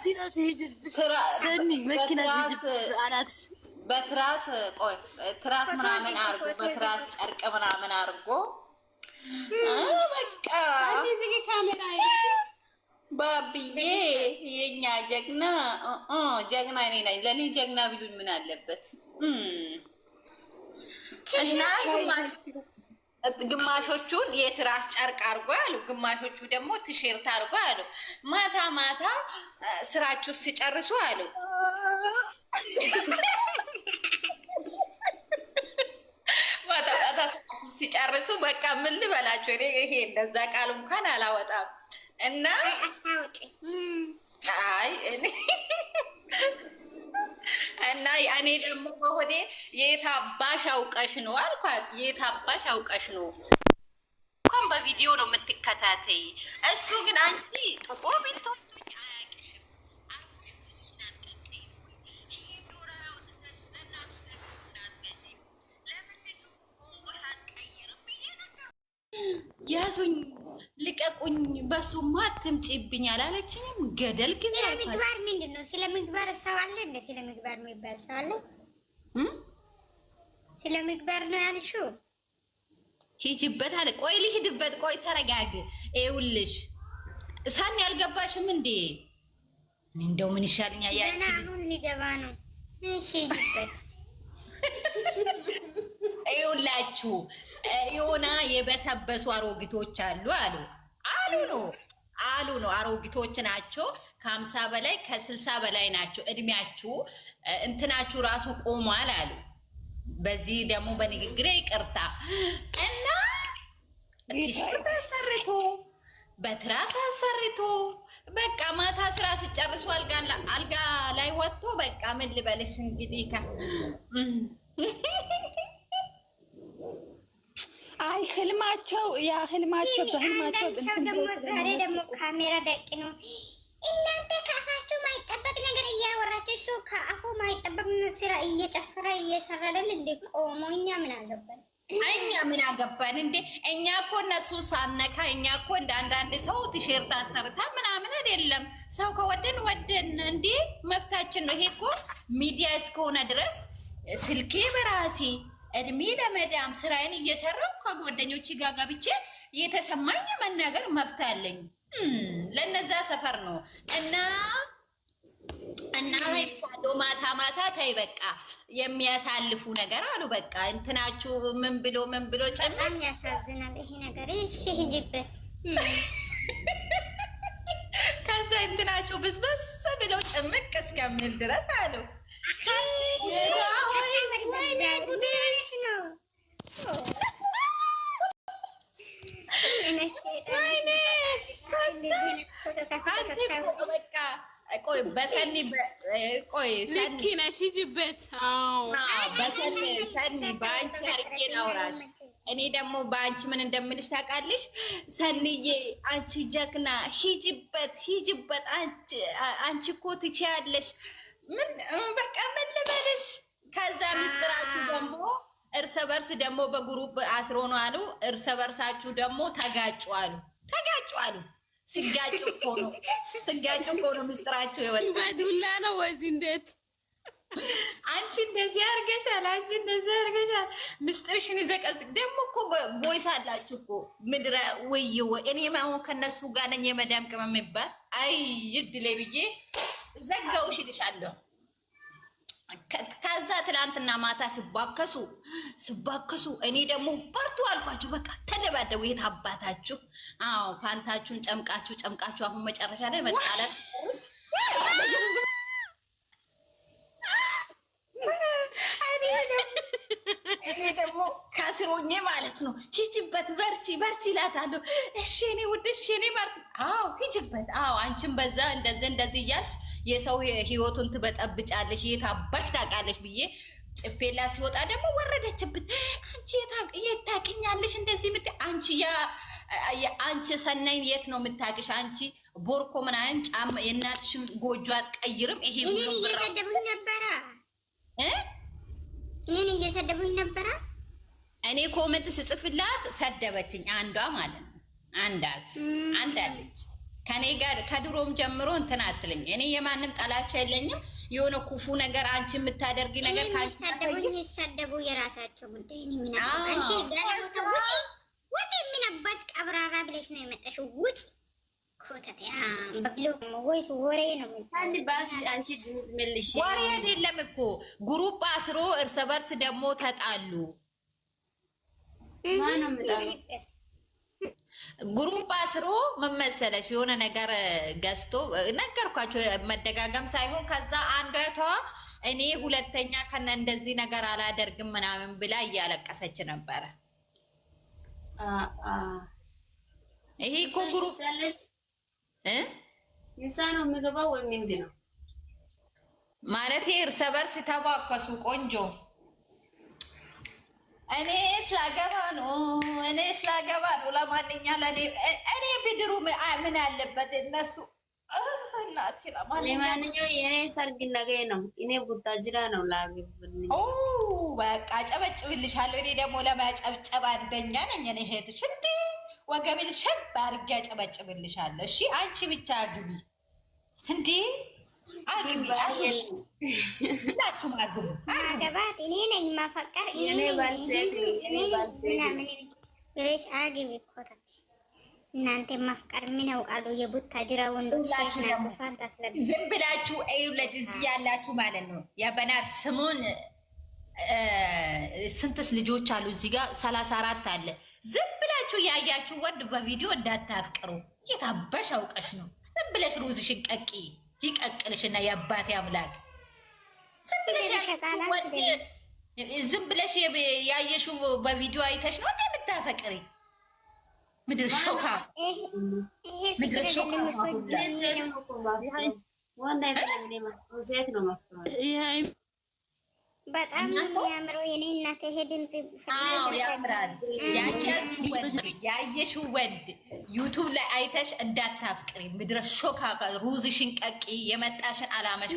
ሲላት ሄጅልሽ ሰኒ መኪና አናትሽ በትራስ ቆይ ትራስ ምናምን አርጎ በትራስ ጨርቅ ምናምን አርጎ በቃ ባብዬ የኛ ጀግና ጀግና እኔ ነኝ። ለእኔ ጀግና ቢሉኝ ምን አለበት እና ግማሾቹን የትራስ ጨርቅ አድርጎ ያሉ፣ ግማሾቹ ደግሞ ቲሸርት አርጎ ያሉ። ማታ ማታ ስራችሁ ሲጨርሱ አሉ ማታ ማታ ስራችሁ ሲጨርሱ በቃ ምን ልበላቸው እኔ ይሄ እንደዛ ቃል እንኳን አላወጣም እና አይ እኔ እና እኔ ደግሞ በሆዴ የት አባሽ አውቀሽ ነው አልኳት። የት አባሽ አውቀሽ ነው እንኳን በቪዲዮ ነው የምትከታተይ። እሱ ግን አንቺ ጥቁር ቤቶ አያውቅሽም። ያዙኝ ልቀቁኝ፣ በሱማ አትምጪብኝ አላለችኝም። ገደል ግን ስለ ምግባር ምንድን ነው? ስለ ምግባር ሰው አለ እንደ ስለ ምግባር የሚባል ሰው አለ? ስለ ምግባር ነው ያልሺው? ሂጅበት አለ። ቆይ ልሂድበት። ቆይ ተረጋግ። ይኸውልሽ ሰኒ ያልገባሽም እንዴ? እንደው ምን ይሻልኛ? ያቺ አሁን ሊገባ ነው። እሺ ሂጅበት። ይኸውላችሁ የሆነ የበሰበሱ አሮጊቶች አሉ አሉ አሉ ነው አሉ ነው። አሮጊቶች ናቸው። ከሀምሳ በላይ ከስልሳ በላይ ናቸው። እድሜያችሁ እንትናችሁ ራሱ ቆሟል አሉ። በዚህ ደግሞ በንግግሬ ይቅርታ እና ቲሸርት አሰርቶ በትራስ አሰርቶ በቃ ማታ ስራ ሲጨርሱ አልጋ ላይ ወጥቶ በቃ ምን ልበልሽ እንግዲህ ህልማቸው ያ ህልማቸው በህልማቸው ዛሬ ደግሞ ካሜራ ደቂ ነው። እናንተ ከአፋችሁ ማይጠበቅ ነገር እያወራችሁ እሱ ከአፉ ማይጠበቅ ስራ እየጨፈረ እየሰራ አይደል እንዴ? ቆሞ እኛ ምን አገባን? እኛ ምን አገባን እንዴ? እኛ እኮ እነሱ ሳነካ እኛ እኮ እንደ አንዳንድ ሰው ቲሸርት አሰርታ ምናምን አይደለም። ሰው ከወደን ወደን እንዴ መፍታችን ነው። ይሄ እኮ ሚዲያ እስከሆነ ድረስ ስልኬ በራሴ እድሜ ለመዳም ስራዬን እየሰራው ከጓደኞች ጋር ገብቼ የተሰማኝ መናገር መፍት አለኝ። ለነዛ ሰፈር ነው እና እና ሀይሳዶ ማታ ማታ ተይ በቃ የሚያሳልፉ ነገር አሉ። በቃ እንትናችሁ ምን ብሎ ምን ብሎ ጭምር ያሳዝናል። ይሄ ነገር እሺ ሂጂበት። ከዛ እንትናችሁ ብዝበስ ብሎ ጭምቅ እስከምል ድረስ አሉ ልክ ነሽ፣ ሂጂበት። ሰኒ በአንቺ አርቄ ናውራሽ እኔ ደግሞ በአንቺ ምን እንደምልሽ ታውቃለሽ? ሰኒዬ አንቺ ጀግና፣ ሂጂበት፣ ሂጂበት። አንቺ እኮ ትችያለሽ። በቃ አየሽ። ከዛ ሚስጥራችሁ ደግሞ እርሰ በርስ ደግሞ በግሩፕ አስሮ ነው አሉ። እርሰ በርሳችሁ ደግሞ ተጋጩ አሉ። ተጋጩ አሉ። ስጋጩ እኮ ነው ስጋጩ እኮ ነው ምስጥራችሁ የወጣው። በዱላ ነው ወዚ እንዴት? አንቺ እንደዚህ አርገሻል፣ አንቺ እንደዚህ አርገሻል። ምስጥርሽን ይዘቀዝቅ ደግሞ እኮ ቮይስ አላችሁ እኮ ምድረ ውይወ እኔ አሁን ከነሱ ጋር ነኝ። የመዳም ቅመም የሚባል አይ ይድሌ ብዬ ዘጋውሽ ይልሻለሁ ከዛ ትላንትና ማታ ስባከሱ ስባከሱ እኔ ደግሞ በርቱ አልኳችሁ። በቃ ተደባደቡ። የት አባታችሁ? አዎ ፓንታችሁን ጨምቃችሁ ጨምቃችሁ አሁን መጨረሻ ላይ መጣላት እኔ ደግሞ ከስሮኜ ማለት ነው። ሂጅበት፣ በርቺ በርቺ እላታለሁ። እሺ እኔ ውድ፣ እሺ እኔ ማለት አዎ፣ ሂጅበት፣ አዎ አንቺን በዛ እንደዚህ እንደዚህ እያልሽ የሰው ህይወቱን ትበጠብጫለሽ የታባሽ ታውቃለሽ ብዬ ጽፌላ ሲወጣ ደግሞ ወረደችብት። አንቺ የታቅኛለሽ እንደዚህ ምት አንቺ ያ አንቺ ሰናይን የት ነው የምታቅሽ? አንቺ ቦርኮ ምናምን ጫማ የእናትሽን ጎጆ አትቀይርም። ይሄ እኔን እየሰደቡኝ ነበረ እኔን እየሰደቡኝ ነበረ። እኔ ኮመንት ስጽፍላት ሰደበችኝ። አንዷ ማለት ነው አንዳት አንዳለች ከኔ ጋር ከድሮም ጀምሮ እንትን አትለኝ። እኔ የማንም ጠላቻ የለኝም። የሆነ ክፉ ነገር አንቺ የምታደርጊ ነገር የሚሳደቡ የራሳቸው ጉዳይ። አንቺ የምናባት ቀብራራ ብለሽ ነው የመጣሽው? ውጭ ወሬ ነው አይደለም እኮ ጉሩብ አስሮ እርስ በርስ ደግሞ ተጣሉ። ጉሩም አስሮ መመሰለች የሆነ ነገር ገዝቶ ነገርኳቸው፣ መደጋገም ሳይሆን ከዛ አንዷቷ እኔ ሁለተኛ ከነ እንደዚህ ነገር አላደርግም ምናምን ብላ እያለቀሰች ነበረ። ይሄ እኮ ጉሩፕ ንሳ ነው የምገባው ወይ ምንድን ነው ማለት እርስ በርስ ተባከሱ ቆንጆ እኔ ስላገባ ነው። እኔ ስላገባ ነው። ለማንኛውም እኔ ብድሩ ምን ያለበት እነሱ እናቴ። ለማንኛውም የእኔ ሰርግ ነገ ነው። እኔ ቡታጅራ ነው ላግብ። በቃ አጨበጭብልሻለሁ። እኔ ደግሞ ለማጨብጨብ አንደኛ ነኝ። እኔ እህትሽ እንደ ወገብን ሸብ አድርጌ አጨበጭብልሻለሁ። እሺ አንቺ ብቻ ግቢ እንዲህ ሁላችሁም አግቡ። ማገባት እኔ ነኝ ማፈቀር ምናምን አግቢ እኮ እናንተ ማፍቀር ምን አውቃለሁ። የቡታ ጅራ ወንዶች ዝም ብላችሁ እዩለት። እዚህ ያላችሁ ማለት ነው የበናት ስሙን ስንትስ ልጆች አሉ እዚህ ጋር ሰላሳ አራት አለ። ዝም ብላችሁ ያያችሁ ወንድ በቪዲዮ እንዳታፍቅሩ። የታበሽ አውቀሽ ነው ዝም ብለሽ ሩዝሽን ቀቂ ይቀቅልሽና የአባቴ አምላክ ዝም ብለሽ ያየሽው በቪዲዮ አይተሽ ነው እንደ የምታፈቅሪ ምድር ሾካ ምድር ሾካ በጣም የሚያምረው የኔ እናት ይሄ ድምጽ ያምራል። ያየሽው ወንድ ዩቱብ ላይ አይተሽ እንዳታፍቅሪ። ምድረ ሾካካ ሩዝሽን ቀቂ፣ የመጣሽን አላመሽ።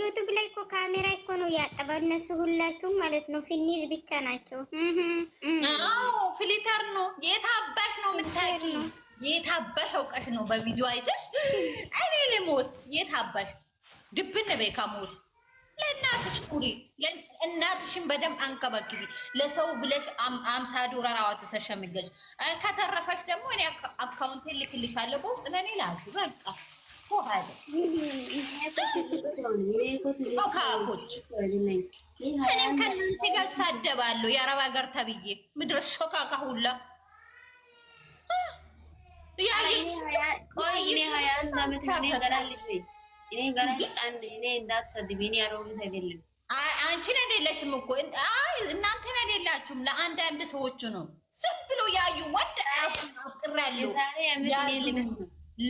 ዩቱብ ላይ እኮ ካሜራ እኮ ነው ያጠባ። እነሱ ሁላችሁም ማለት ነው ፊኒዝ ብቻ ናቸው። ፍሊተር ነው የታባሽ ነው የምታቂ። የታባሽ አውቀሽ ነው በቪዲዮ አይተሽ እኔ ልሞት የታባሽ ድብን በይ ከሞት ለእናትሽ ጡሪ፣ እናትሽን በደንብ አንከባክቢ። ለሰው ብለሽ አምሳ ዶላር አውጥተሽ የሚገዥ ከተረፈሽ ደግሞ እኔ አካውንቴን ልክልሻለሁ በውስጥ ለእኔ ላሉ በቃ ሾካኮች እኔም ከእናንተ ጋር ሳደባለሁ። የአረብ ሀገር ተብዬ ምድረ ሾካካ ሁላ ያ ሀያ ሀያ እኔ በረስ አንድ እኔ እንዳትሰድቢ እኔ አሮጊት አይደለም። አንቺን አይደለሽም እኮ እናንተን አይደላችሁም። ለአንዳንድ ሰዎቹ ነው ዝም ብሎ ያዩ ወደ አፍቅራለሁ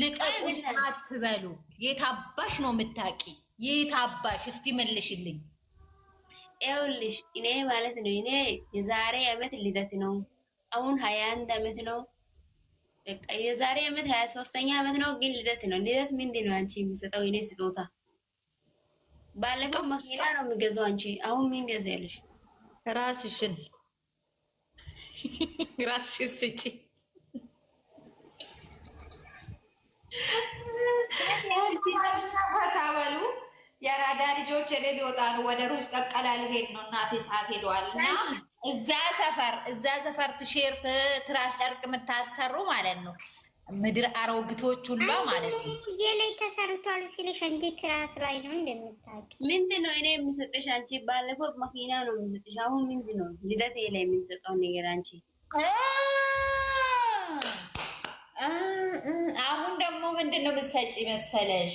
ልቀቁኝ አትበሉ። የታባሽ ነው የምታቂ የታባሽ እስቲ መልሽልኝ። ይኸውልሽ እኔ ማለት ነው እኔ የዛሬ አመት ልደት ነው አሁን ሀያ አንድ አመት ነው በቃ የዛሬ ዓመት ሀያ ሶስተኛ ዓመት ነው፣ ግን ልደት ነው። ልደት ምንድን ነው አንቺ የሚሰጠው? የኔ ስጦታ ባለፈው መኪና ነው የሚገዛው። አንቺ አሁን ምን ገዛለሽ? ራስሽን ራስሽን ስጪ። ታበሉ የአራዳ ልጆች እኔ ሊወጣ ነው ወደ ሩዝ ቀቀላ ሊሄድ ነው። እናቴ ሰዓት ሄደዋል እና እዛ ሰፈር እዛ ሰፈር ቲሸርት ትራስ ጨርቅ የምታሰሩ ማለት ነው። ምድር አሮግቶች ሁላ ማለት ነው። ላይ ተሰርቷል ሲልሽ እንጂ ትራስ ላይ ነው እንደምታውቂው። ምንድን ነው እኔ የምሰጥሽ አንቺ? ባለፈው መኪና ነው የምሰጥሽ። አሁን ምንድን ነው ልደት ላይ የምንሰጠው ነገር አንቺ? አሁን ደግሞ ምንድን ነው የምትሰጪ መሰለሽ?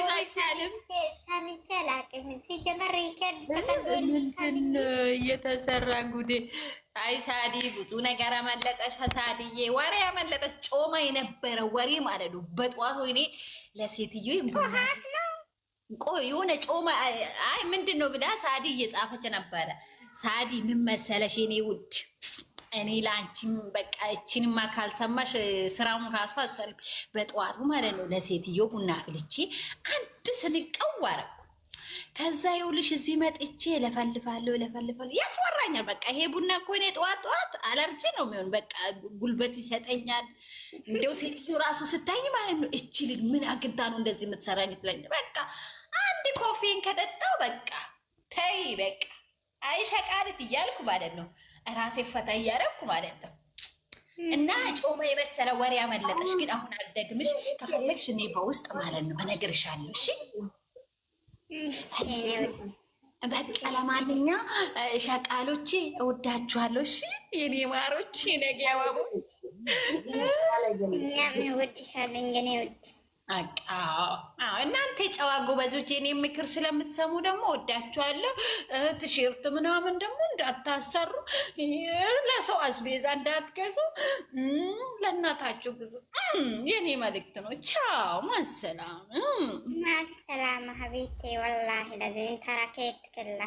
አይሻልም? ሰምቼ አላውቅም። ሲጀመር ምንድን እየተሰራ ጉዴ! አይ ሳዲ ብዙ ነገር አመለጠሽ። ሳዲዬ ወሬ አመለጠሽ። ጮማ የነበረ ወሬ ማለት ነው። በጠዋት ወይኔ ለሴትዮ ቆይ የሆነ ጮማ አይ ምንድን ነው ብላ ሳዲ እየጻፈች ነበረ። ሳዲ ምን መሰለሽ የኔ ውድ እኔ ለአንቺም በቃ እችንማ ካልሰማሽ ስራውን ራሱ አሰርም። በጠዋቱ ማለት ነው ለሴትዮ ቡና ፍልቼ አንድ ስንቀው አረኩ። ከዛ ይኸውልሽ እዚህ መጥቼ ለፈልፋለሁ ለፈልፋለሁ ያስወራኛል። በቃ ይሄ ቡና እኮ እኔ ጠዋት ጠዋት አለርጂ ነው የሚሆን። በቃ ጉልበት ይሰጠኛል። እንደው ሴትዮ ራሱ ስታኝ ማለት ነው እች ልጅ ምን አግኝታ ነው እንደዚህ የምትሰራኝ ትለኝ። በቃ አንድ ኮፌን ከጠጣው በቃ ተይ በቃ አይሸቃልት እያልኩ ማለት ነው ራሴ ፈታ እያደረኩ ማለት ነው። እና ጮማ የመሰለ ወሬ ያመለጠሽ ግን አሁን አልደግምሽ። ከፈለግሽ እኔ በውስጥ ማለት ነው እነግርሻለሁ። እሺ በቃ ለማንኛ ሸቃሎቼ እወዳችኋለሁ። እሺ የኔ ማሮች፣ የነገ አበቦች እኛም እንወድሻለን የኔ ውድ እናንተ ጨዋ ጎበዞች የኔ ምክር ስለምትሰሙ ደግሞ ወዳችኋለሁ። ቲሸርት ምናምን ደግሞ እንዳታሰሩ፣ ለሰው አስቤዛ እንዳትገዙ፣ ለእናታችሁ ግዙ። የኔ መልእክት ነው። ቻው፣ ማሰላም ማሰላም። ሀቢቴ ወላሂ ለዚህን ተራኬት ክላ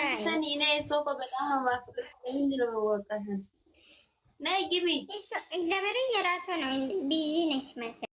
አንሰን ኔ ሶፋ በጣም ማፍቅ ምንድነው ወቃ ነይ ግቢ። እግዚአብሔርን የራሱ ነው። ቢዚ ነች መሰለኝ